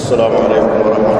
والسلام عليكم ورحمة الله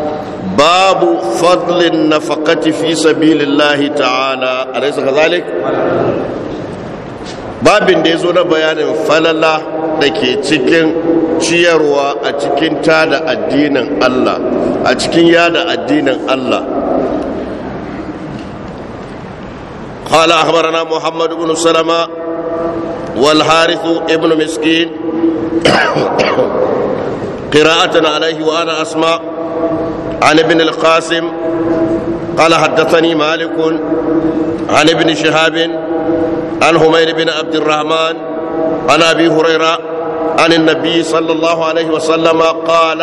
باب فضل النفقة في سبيل الله تعالى أليس كذلك؟ babin da ya na bayanin falala da ke cikin ciyarwa a cikin tada addinin Allah a cikin yada addinin Allah قال أخبرنا محمد بن سلمة والحارث ابن مسكين قراءة عليه وأنا أسمع عن ابن القاسم قال حدثني مالك عن ابن شهاب عن همير بن عبد الرحمن عن ابي هريره عن النبي صلى الله عليه وسلم قال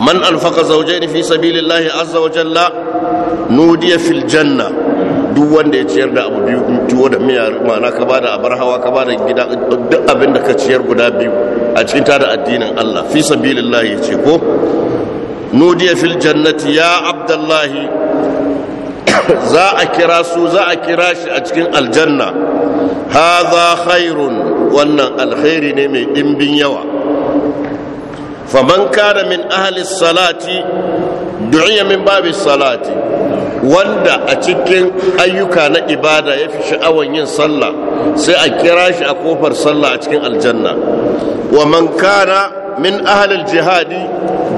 من انفق زوجين في سبيل الله عز وجل نودي في الجنه duk wanda ya ciyar da abu biyu tuwo da miya ka bada abar hawa ka bada gida duk abin da ka ciyar guda biyu a cikin tada addinin Allah fi sabilillah ya ce ko نودي في الجنة يا عبد الله za a kira su za a kira shi a cikin aljanna haza khairun wannan alkhairi ne mai ɗimbin yawa faman kada min ahli salati du'iya min babi salati wanda a cikin ayyuka na ibada ya fi sha'awan yin sallah sai a kira shi a kofar sallah a cikin aljanna wa man kana min ahli jihadi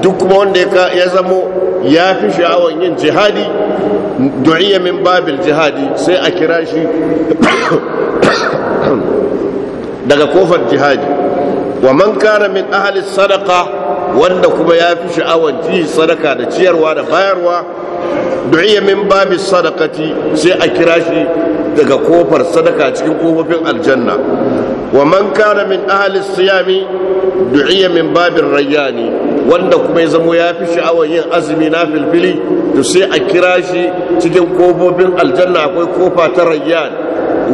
duk kuma wanda ya zamo ya fi sha'awar yin jihadi du'iya min babil jihadi sai a kira shi daga kofar jihadi wa man kana min ahli sadaka, wanda kuma ya fi sha'awar ji sadaka da ciyarwa da bayarwa du'iya min babil sadaqati sai a kira shi daga kofar sadaka cikin kofofin aljanna wa man kana min ahli siyami du'iya min babin rayyani wanda kuma ya zamo ya fi sha'awar yin azumi na filfili to sai a kira shi cikin kobobin aljanna akwai kofa ta rayyan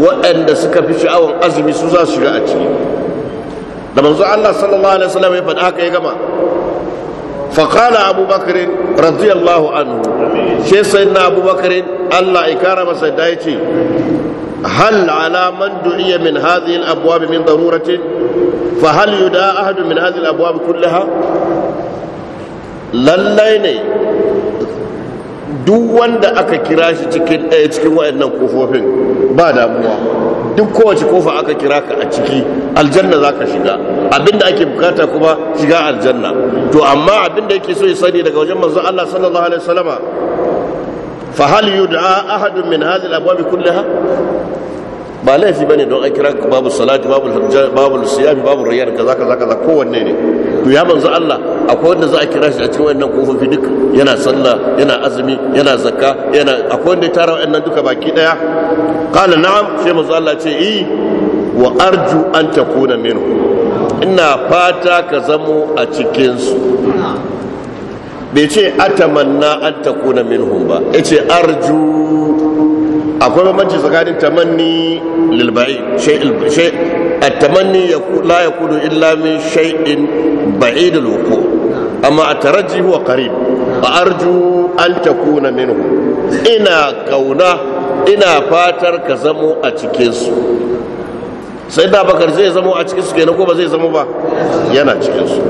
waɗanda suka fi sha'awar azumi su za su shiga a ciki da manzo Allah sallallahu alaihi wasallam ya faɗa haka gama fa qala radiyallahu anhu she sayyidina Abu Bakr Allah ya kara masa da yace hal ala man du'iya min hadhihi al-abwab min darurati fa hal yuda ahad min hadhihi al-abwab kullaha lallai ne duk wanda aka kira shi cikin ɗaya cikin waɗannan kofofin ba damuwa duk kowace kofa aka kira ka a ciki aljanna za ka shiga abinda ake bukata kuma shiga aljanna to amma abinda yake so ya sani daga wajen manzon Allah sallallahu alaihi wasallama fa hal yud'a ahadun min hadhihi al-abwab kullaha ba laifi ba ne don an kira babu salati babu babu siyami babu riyar kaza kaza kaza kowanne ne to ya manzo Allah akwai wanda za a kira shi a cikin wannan kofofi duka yana sallah yana azumi yana zakka yana akwai wanda ya tara wannan duka baki daya qala na'am sai manzo Allah ce i wa arju an takuna minhu ina fata ka zamo a cikin su bai ce atamanna an takuna minhum ba yace arju akwai bambanci tsakanin tamanni lilba'i a at-tamanni la kudu illa min shay'in bai da loko. amma at-taraji huwa a arju an ta kuna minhu ina kauna ina fatar ka zamo a cikinsu. sai da bakar zai zamo a cikinsu ke na ko ba zai zamo ba yana cikinsu.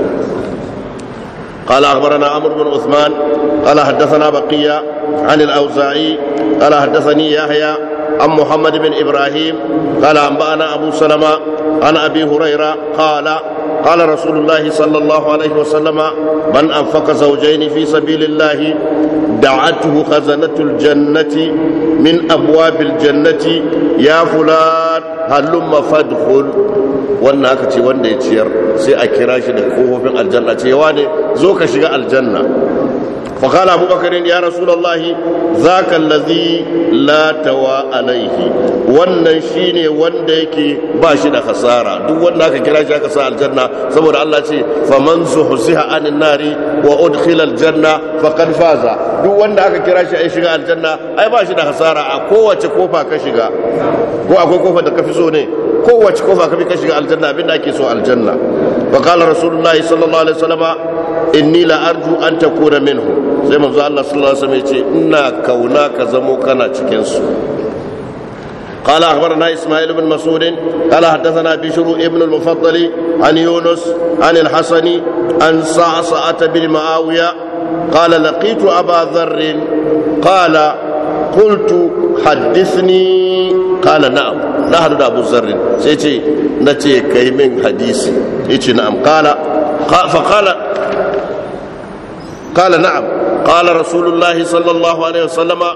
قال أخبرنا عمرو بن عثمان قال حدثنا بقية عن الأوزاعي قال حدثني يحيى عن محمد بن إبراهيم قال أنبأنا أبو سلمة عن أبي هريرة قال قال رسول الله صلى الله عليه وسلم من أنفق زوجين في سبيل الله دعته خزنة الجنة من أبواب الجنة يا فلان هلم فادخل wannan aka ce wanda ya ciyar sai a kira shi daga kofofin aljanna ce yawa ne zo ka shiga aljanna fakala أبو ya يا رسول الله ذاك الذي latawa توا wannan shine wanda yake ba shi da hasara duk wanda aka kira shi aka sa aljanna saboda Allah ce faman zuhziha anin nari wa udkhila aljanna faqad faza duk wanda aka kira shi ai shiga aljanna ai ba shi da hasara a kowace kofa ka shiga ko akwai kofar da ka fi so ne kowace kofa ka bi ka aljanna abin da ake so aljanna fa qala rasulullahi sallallahu alaihi wasallam inni la arju an takuna minhu sai manzo Allah sallallahu alaihi wasallam yace inna kauna ka zamo kana cikin su qala akhbarana isma'il ibn mas'ud qala hadathana Bishiru ibn al-mufaddal an yunus an al an sa'sa'at bil ma'awiya qala laqitu aba dharr qala قلت حدثني قال na hadu da abu zarrin sai ce na ce ka yi min hadisi ya ce na'am kala faƙala kala na'am kala rasulullahi sallallahu alaihi wasallama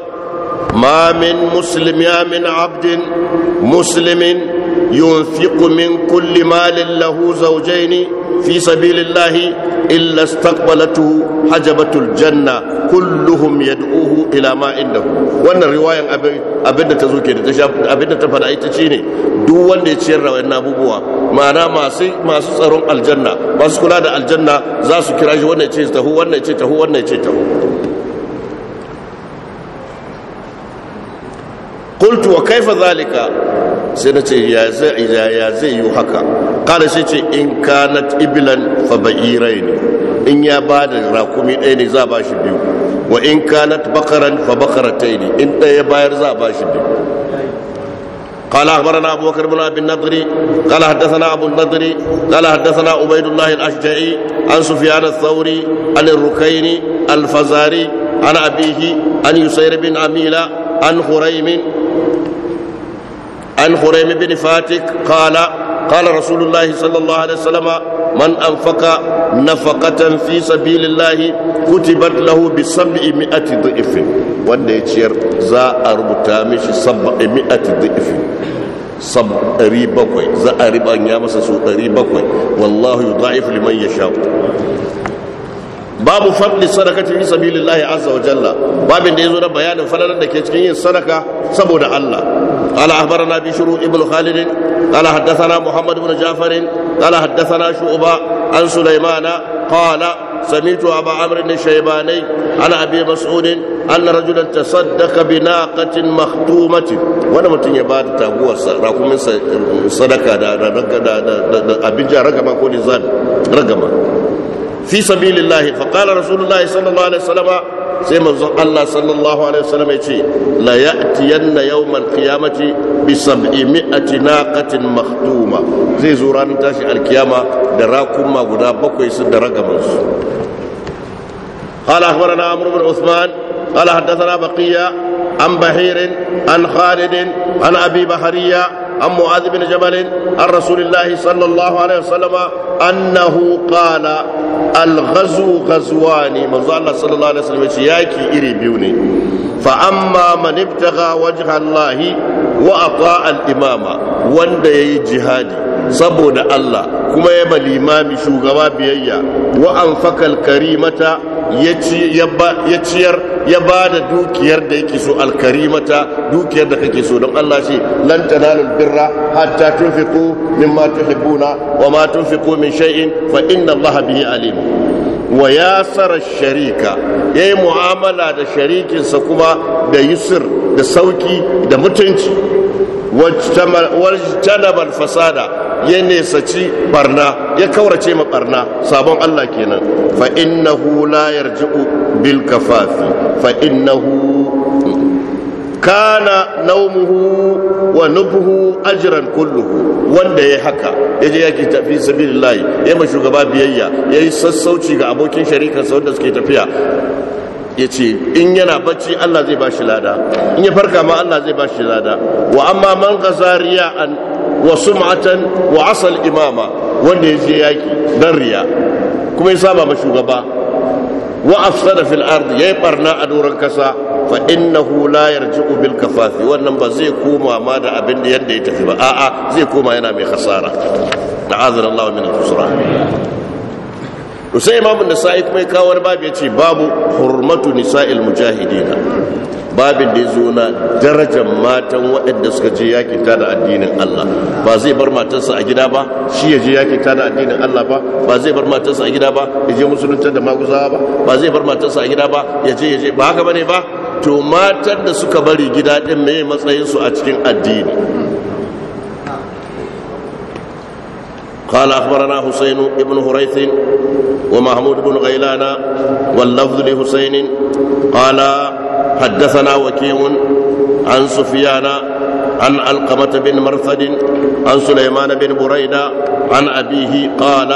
ma min muslim ya min abdin muslimin yunfiqu min kulli malin lahu zaujaini في سبيل الله إلا استقبلته حجبة الجنة كلهم يدعوه إلى ما عنده وأن الرواية أبدا تزوكي أبدا تفنعي تشيني duk wanda ya ciyar da wannan abubuwa ma'ana masu tsaron aljanna masu kula da aljanna za su kira shi wannan ce taho wannan ce taho wannan ce taho qultu wa kaifa zalika sai na ce ya zai yi haka qala sai ce in kanat iblan fa ba'irain in ya bada rakumi ɗaya ne za ba shi biyu wa in kanat bakaran fa bakarataini in ɗaya bayar za ba shi biyu قال اخبرنا ابو بكر بن ابي النضر قال حدثنا ابو النضر قال حدثنا عبيد الله الاشجعي عن سفيان الثوري عن الركين الفزاري عن ابيه عن يسير بن عميلة عن خريم عن خريم بن فاتك قال قال رسول الله صلى الله عليه وسلم من أنفق نفقة في سبيل الله كتبت له بسبعمائة ضعف babu fadli na bayanin da ke cikin yin sadaka saboda Allah قال أخبرنا بشرو ابن خالد قال حدثنا محمد بن جعفر قال حدثنا شعبة عن سليمان قال سمعت أبا عمرو الشيباني عن أبي مسعود أن رجلا تصدق بناقة مختومة وأنا متن يباد تابوة راكم من صدقة دا دا دا دا دا دا أبجا رقم أقول زاد رقم في سبيل الله فقال رسول الله صلى الله عليه وسلم sai manzon Allah sallallahu alaihi wasallam ya ce la ya'tiyanna yawmal qiyamati bi sab'imi'ati naqatin makhtuma zai zo ranar tashi alkiyama da rakuma guda bakwai su da ragaman su قال اخبرنا عمرو بن عثمان قال حدثنا an عن بهير an خالد an ابي بحريه عن معاذ بن جبل عن رسول الله صلى الله عليه وسلم أنه قال الغزو غزوان من الله صلى الله عليه وسلم ياكي إري بيوني فأما من ابتغى وجه الله وأطاع الإمام وان جهادي saboda Allah kuma ya limami shugaba biyayya wa an fakal karimata ya ciyar ya ba da dukiyar da yake so alkarimata dukiyar da kake so don Allah shi lan tanalul birra hatta tunfiqu mimma tuhibbuna wa ma tunfiqu min shay'in fa inna Allah bihi alim wa yasara sharika yayi mu'amala da sharikinsa kuma da yusr da sauki da mutunci wajtanaba al-fasada ya nesaci barna ya kaurace ma barna sabon Allah kenan fa innahu la yarji'u bil kafafi fa innahu kana naumuhu wa nubuhu ajran kulluhu wanda ya haka ya je yaki tafi sabilillahi ya ma shugaba biyayya ya yi sassauci ga abokin sa wanda suke tafiya ya ce in yana bacci Allah zai ba shi lada in ya farka ma Allah zai ba shi lada wa amma man qasariya an wa sum'atan wa asal imama wanda ya je yaki dan riya kuma ya saba ma shugaba wa afsada fil yi yayi barna a doron kasa fa innahu la yarji'u bil kafafi wannan ba zai koma ma da abin da yadda ya tafi ba a'a zai koma yana mai khasara na'azana Allah min al-khusran to sai imamu nasa'i kuma ya kawo wani babu ya ce babu hurmatu nisa'il mujahidina babin da ya zo na darajar matan waɗanda suka je ta da addinin Allah ba zai bar matarsa a gida ba shi ya je ta da addinin Allah ba ba zai bar matarsa a gida ba ya je musulunta da maguzawa ba ba zai bar matarsa a gida ba ya je ya je ba haka bane ba to matan da suka bari gida din meye matsayin su a cikin addini قال اخبرنا حسين بن هريث ومحمود بن غيلان واللفظ لحسين قال حدثنا وكيم عن سفيان عن علقمة بن مرثد عن سليمان بن بريدة عن أبيه قال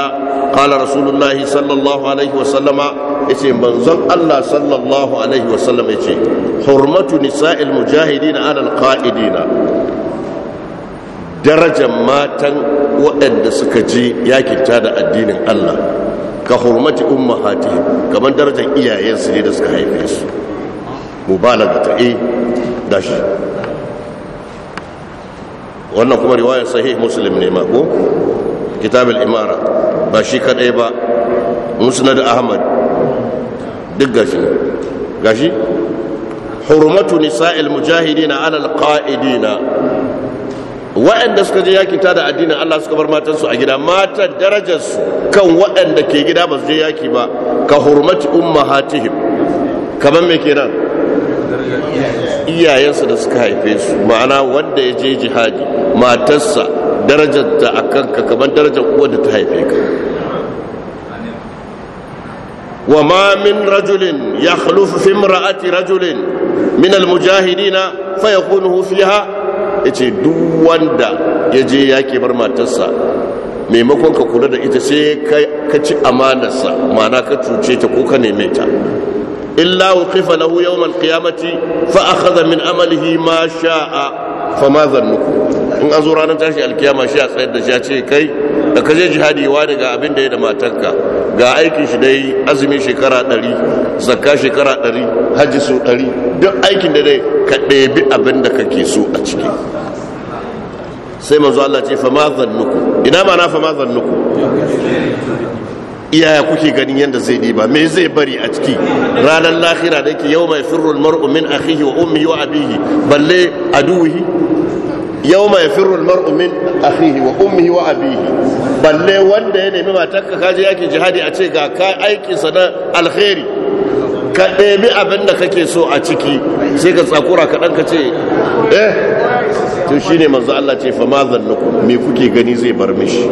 قال رسول الله صلى الله عليه وسلم yace manzon Allah sallallahu alaihi wasallam yace hurmatu nisa'il mujahidin alal ka'idina darajan matan waɗanda suka je yakin da addinin Allah ka hurmati ummahatihim kamar darajar iyayensu ne da suka haife su mubalagata eh gashi wannan kuma riwayar sahih muslim ne ma ko kitab al-imara ba shi kadai ba musnad ahmad duk gashi gashi hurmatu nisa'il mujahidina ala alqa'idina waɗanda suka je yaki tada addinin Allah suka bar matan a gida matan darajar kan waɗanda ke gida ba su je yaki ba ka hurmati ummahatihim kaman me kenan iyayensa da suka haife su ma'ana wanda ya je jihadi matarsa darajar ta a kamar darajar uwar da ta haife ka wa ma min rajulin ya halufu fi imra'ati rajulin min almujahidina fa ha? Ya ce duk wanda ya je yake bar matarsa maimakon ka kula da ita sai ka ci amanarsa ma'ana ka cuce ta ko ka neme ta illa ukhifa lahu yawm alqiyamati fa akhadha min amalihi ma sha'a fa ma in azu ranan tashi alkiyama shi a tsayar da shi kai da ka je jihadi wa daga abin da yake da matanka ga aikin shi dai azumi shekara 100 zakka shekara 100 haji su 100 duk aikin da dai ka debi abin da kake so a ciki sai manzo Allah ce fa ma zannuku ina ma na fa ma zannuku iyaya kuke ganin yadda zai ba me zai bari a ciki ranar lahira da yake yau mai firrul mar'u min akhihi wa ummi wa abihi balle aduhi yau mai firrul mar'u min akhihi wa ummi wa abihi balle wanda ya nemi matarka kaje yake jihadi a ce ga ka aikin sa na alkhairi ka ɗebi abin da kake so a ciki sai ka tsakura kaɗan ka ce eh to shine manzo Allah ce fa ma zannukum me kuke gani zai bar mishi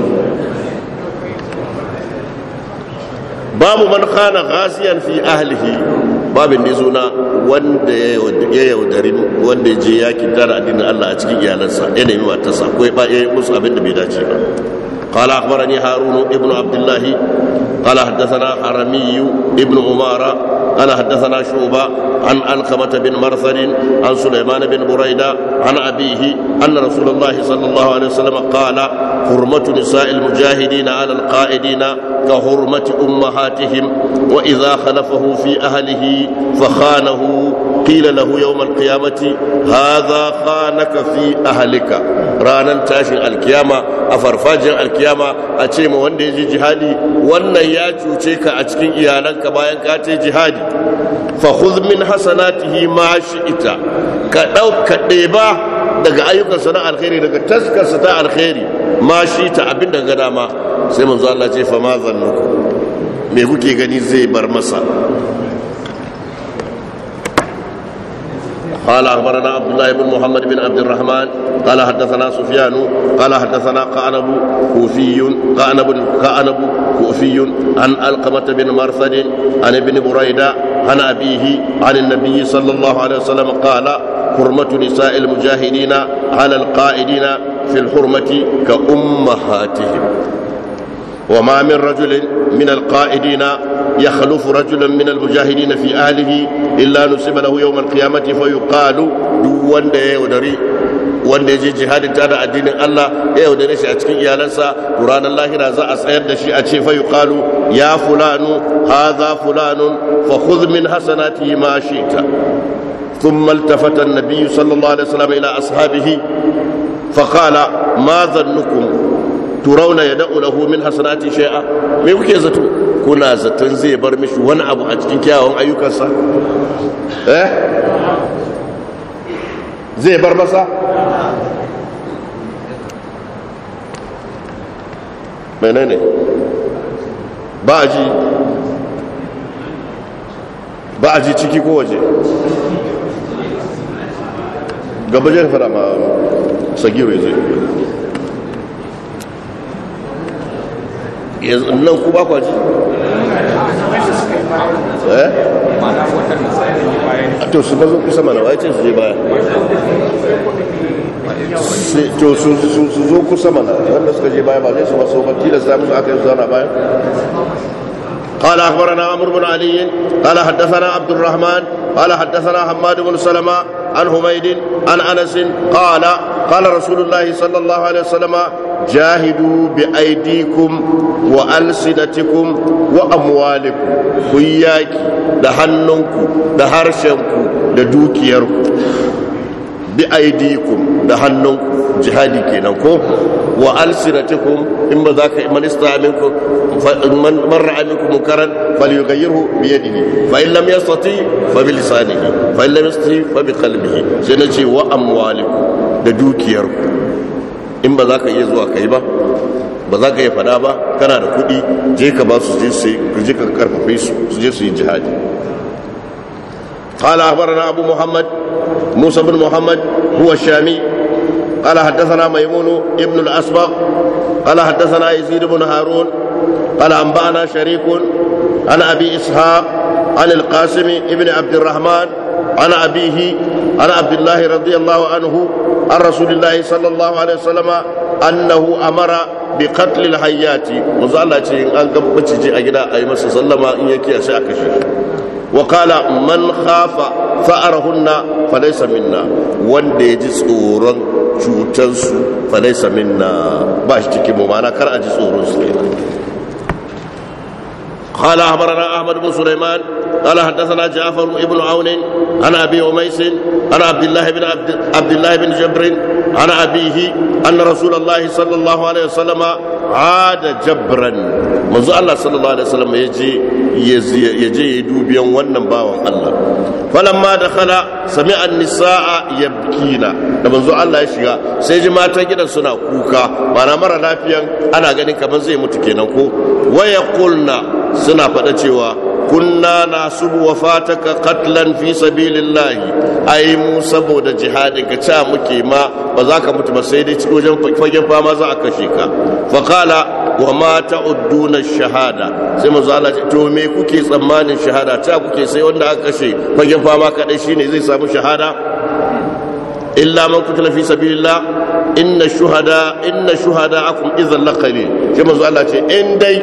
babu man khana ghasiyan fi ahlihi babin ne zuna wanda ya yaudari wanda ya je yakin tara addinin Allah a cikin iyalansa ya nemi matarsa ko ya yi musu abin da bai dace ba قال أخبرني هارون ابن عبد الله قال حدثنا حرمي ابن عمارة قال حدثنا شعبة عن علقمة بن مرثل عن سليمان بن بريدة عن أبيه أن رسول الله صلى الله عليه وسلم قال حرمة نساء المجاهدين على القائدين كحرمة أمهاتهم وإذا خلفه في أهله فخانه qila lahu yawm alqiyamati hadha khanaka fi ahlika ranan tashin alkiyama a farfajin alkiyama a ce ma wanda ya ji jihadi wannan ya cuce ka a cikin iyalanka bayan ka ce jihadi fa khudh min hasanatihi ma shi'ita ka dauka ɗeba daga ayyukansa na alkhairi daga taskarsa ta alkhairi ma shi ta abin da ga dama sai manzo Allah ce fa ma zannuku me kuke gani zai bar masa قال اخبرنا عبد الله بن محمد بن عبد الرحمن قال حدثنا سفيان قال حدثنا قعنب كوفي قعنب قعنب كوفي عن القمة بن مرثد عن ابن بريدة عن أبيه عن النبي صلى الله عليه وسلم قال حرمة نساء المجاهدين على القائدين في الحرمة كأمهاتهم وما من رجل من القائدين يخلف رجلا من المجاهدين في أهله إلا نسب له يوم القيامة فيقال دوان دي ودري وان دي جهاد تانا الدين الله ايه ودري شعتكي يا لنسى قرآن الله رازا أسعير دشي أتشي فيقال يا فلان هذا فلان فخذ من حسناته ما شئت ثم التفت النبي صلى الله عليه وسلم إلى أصحابه فقال ما ظنكم turauna ya da'u lahu min hasanati shay'a me kuke zato kuna zaton zai bar mishi wani abu a cikin kyawawan ayyukansa eh zai bar masa menene ba a ji ba a ji ciki ko waje gabajen fara ma sagiru ya zai yanzu nan ku ba kwaji eh to su bazo kusa mana wai ce su je baya to su zo kusa mana wanda suka je baya ba zai su ba so ba tilasta musu aka yi su baya قال اخبرنا عمرو بن علي قال حدثنا عبد الرحمن قال حدثنا حماد بن سلمة عن حميد عن انس قال قال رسول الله صلى الله عليه وسلم jahidu bi aidikum wa alsinatikum wa amwalikum ku yaki da hannunku da harshenku da dukiyarku bi aidikum da hannunku jihadi kenan ko wa alsinatikum in ba za ka manista aminku man marra aminku munkaran falyughayyirhu bi yadihi fa in lam yastati fa bi lisanihi fa in lam yastati fa bi qalbihi sai nace wa amwalikum da dukiyarku in ba za ka iya zuwa kai ba ba za ka iya fada ba kana da kuɗi je ka ba su je ka karfafe su su je su yi jihadi قال أخبرنا أبو محمد موسى بن محمد هو الشامي قال حدثنا ميمون ابن الأسبق قال حدثنا يزيد بن هارون قال أنبأنا شريك عن أبي إسحاق عن القاسم ابن عبد الرحمن عن أبيه عن عبد الله رضي الله عنه عن رسول الله صلى الله عليه وسلم أنه أمر بقتل الحيات وزالة أن كبتشي أجدا أي مسا سلم إن يكي أشاكش وقال من خاف فأرهن فليس منا وان دي جسورا cutansu falaisa minna ba shi cikin mu mana kar a ji tsoron su kenan qala ahbarana ahmad bin sulaiman قال حدثنا جعفر بن عون عن ابي اميس عن عبد الله بن عبد, الله بن جبر عن ابيه ان رسول الله صلى الله عليه وسلم عاد جبرا منذ الله صلى الله عليه وسلم يجي يجي يدوبيان wannan bawan Allah falamma dakhala sami'a an-nisaa yabkina da manzo Allah ya shiga sai ji matan gidan suna kuka mana mara lafiyan ana ganin kamar zai mutu kenan ko waya kulna suna faɗa cewa kunna nasubu wafataka katlan fi sabilillah ai mu saboda jihadin ka ca muke ma ba za ka mutu ba sai dai cikin wajen fagen fama za a kashe ka fa kala wa ma ta'udduna shahada sai manzo Allah to me kuke tsammanin shahada ta kuke sai wanda aka kashe fagen fama kadai shine zai samu shahada illa man kutila fi sabilillah inna shuhada inna shuhada'akum idhan laqalil sai manzo Allah ce in dai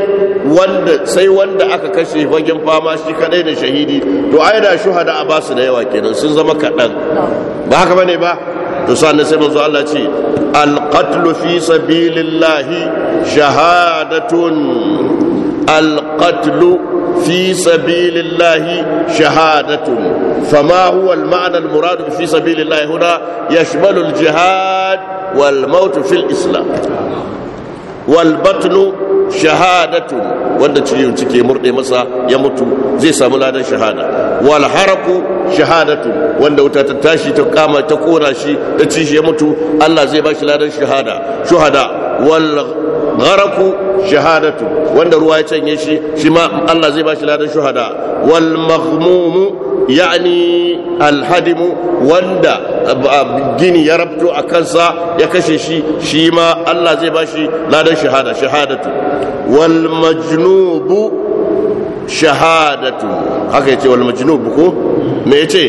wanda sai wanda aka kashe fagen fama shi kadai da shahidi to ai da shuhada a basu da yawa kenan sun zama kaɗan ba haka bane ba to sannan sai manzo Allah ce alqatlu fi sabilillahi shahadatun fama في سبيل الله شهادة فما fi المعنى المراد في سبيل الله هنا يشمل الجهاد والموت في Wal Batnu. Shahadatu wanda ciwon cike murde masa ya mutu zai samu ladan shahada wal haraku shahadatu wanda wuta ta tashi ta kama ta kona shi ta ci shi ya mutu Allah zai ba shi ladan shahada shuhada wal gharaku shahadatu wanda ruwa ya canye shi shi ma Allah zai bashi ladan shuhada wal maghmum yani alhadimu wanda gini ya rabto a kansa ya kashe shi shi ma Allah zai bashi ladan shahada shahadatu wal majnubu shahadatu haka yace wal majnub ko me yace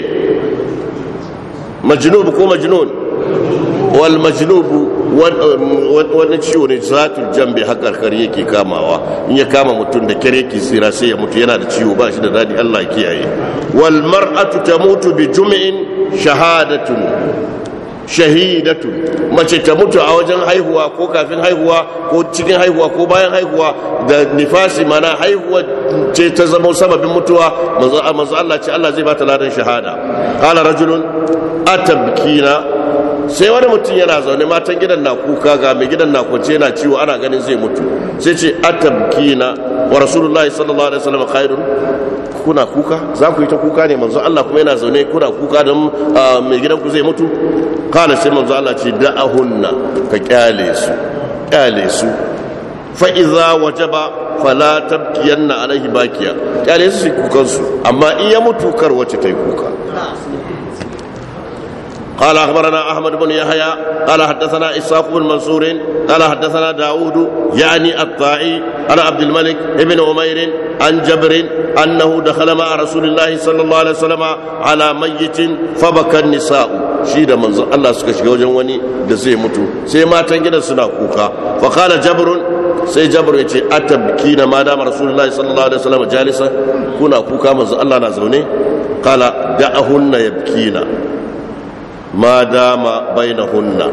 majnub ko majnun wal majnubu Um, wani ciwo ne zatu jambe hakarkar yake kamawa in ya kama mutum da kere ki sira sai ya mutu yana da ciwo ba shi da dadi Allah kiyaye wal mar'atu ta mutu bi jumi'in shahadatun shahidatun mace ta mutu a wajen haihuwa ko kafin haihuwa ko cikin haihuwa ko bayan haihuwa da nifasi mana haihuwa ce ta zama sababin mutuwa manzo Allah ce Allah zai ba ta ladan shahada qala rajulun atabkina sai wani mutum yana zaune matan gidan na kuka ga mai gidan na kwance yana ciwo ana ganin zai mutu sai ce na wa rasulullahi sallallahu alaihi wasallam khairun kuna kuka za ku yi ta kuka ne manzo Allah kuma yana zaune kuna kuka don ah, mai gidan ku zai mutu kana sai manzo Allah ce da'ahunna ka kyale su kyale su fa iza wajaba fala tabkiyanna alaihi bakiya kyale su kukan su amma in ya mutu kar wace ta kuka قال أخبرنا أحمد بن يحيى قال حدثنا إسحاق بن منصور قال حدثنا داود يعني الطائي عن عبد الملك بن عمير عن جبر أنه دخل مع رسول الله صلى الله عليه وسلم على ميت فبكى النساء shi da manzon Allah suka shiga wajen wani da zai mutu sai matan gidan suna kuka fa qala jabrun sai jabr ya ce atabkina ma dama rasulullahi sallallahu alaihi wasallam jalisa kuna kuka manzon Allah na zaune qala da'ahunna yabkina ma dama bainahunna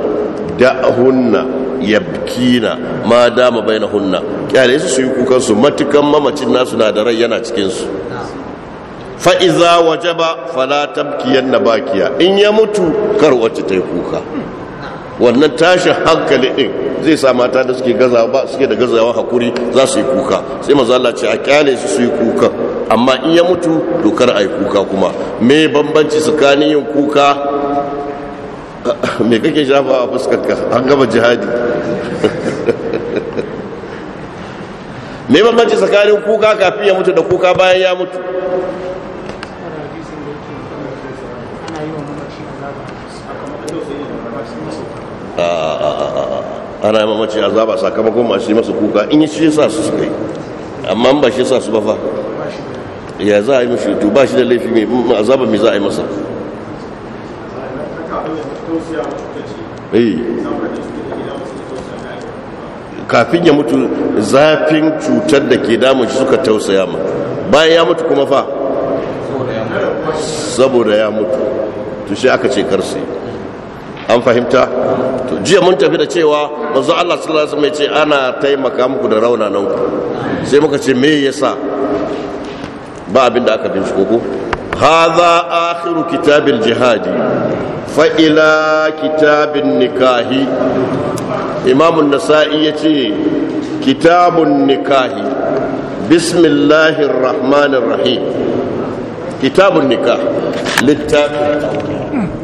da'ahunna yabkina ma dama bainahunna kyale su su yi kukan su matukan mamacin nasu na da rai yana cikin su fa iza wajaba fala bakiya in ya mutu kar wacce ta yi kuka wannan tashin hankali din zai sa mata da suke gazawa suke da gazawa hakuri za su yi kuka sai manzo Allah ce a kyale su su yi kuka amma in ya mutu dokar ai kuka kuma me bambanci tsakanin yin kuka me kake shafa a fuskarka an gama jihadi me bambanci tsakanin kuka kafin ya mutu da kuka bayan ya mutu ah, ah, ah, ana yi mamaci zaba sakamakon masu masu kuka in yi shi sa su suka yi amma ba shi sa su ba fa ya za a yi mashi to ba shi da laifi mai azaba mai za a yi masa Eh. kafin ya mutu zafin cutar da ke damun shi suka tausaya ma bayan ya mutu kuma fa saboda ya mutu to shi aka ce karsi an fahimta to jiya mun tafi da cewa manzo Allah sallallahu alaihi wasallam ya ce ana taimaka muku da raunanan ku sai muka ce me yasa ba abin da aka binciko ko هذا آخر كتاب الجهاد فإلى كتاب النكاح إمام النسائي كتاب النكاح بسم الله الرحمن الرحيم كتاب النكاح للتابع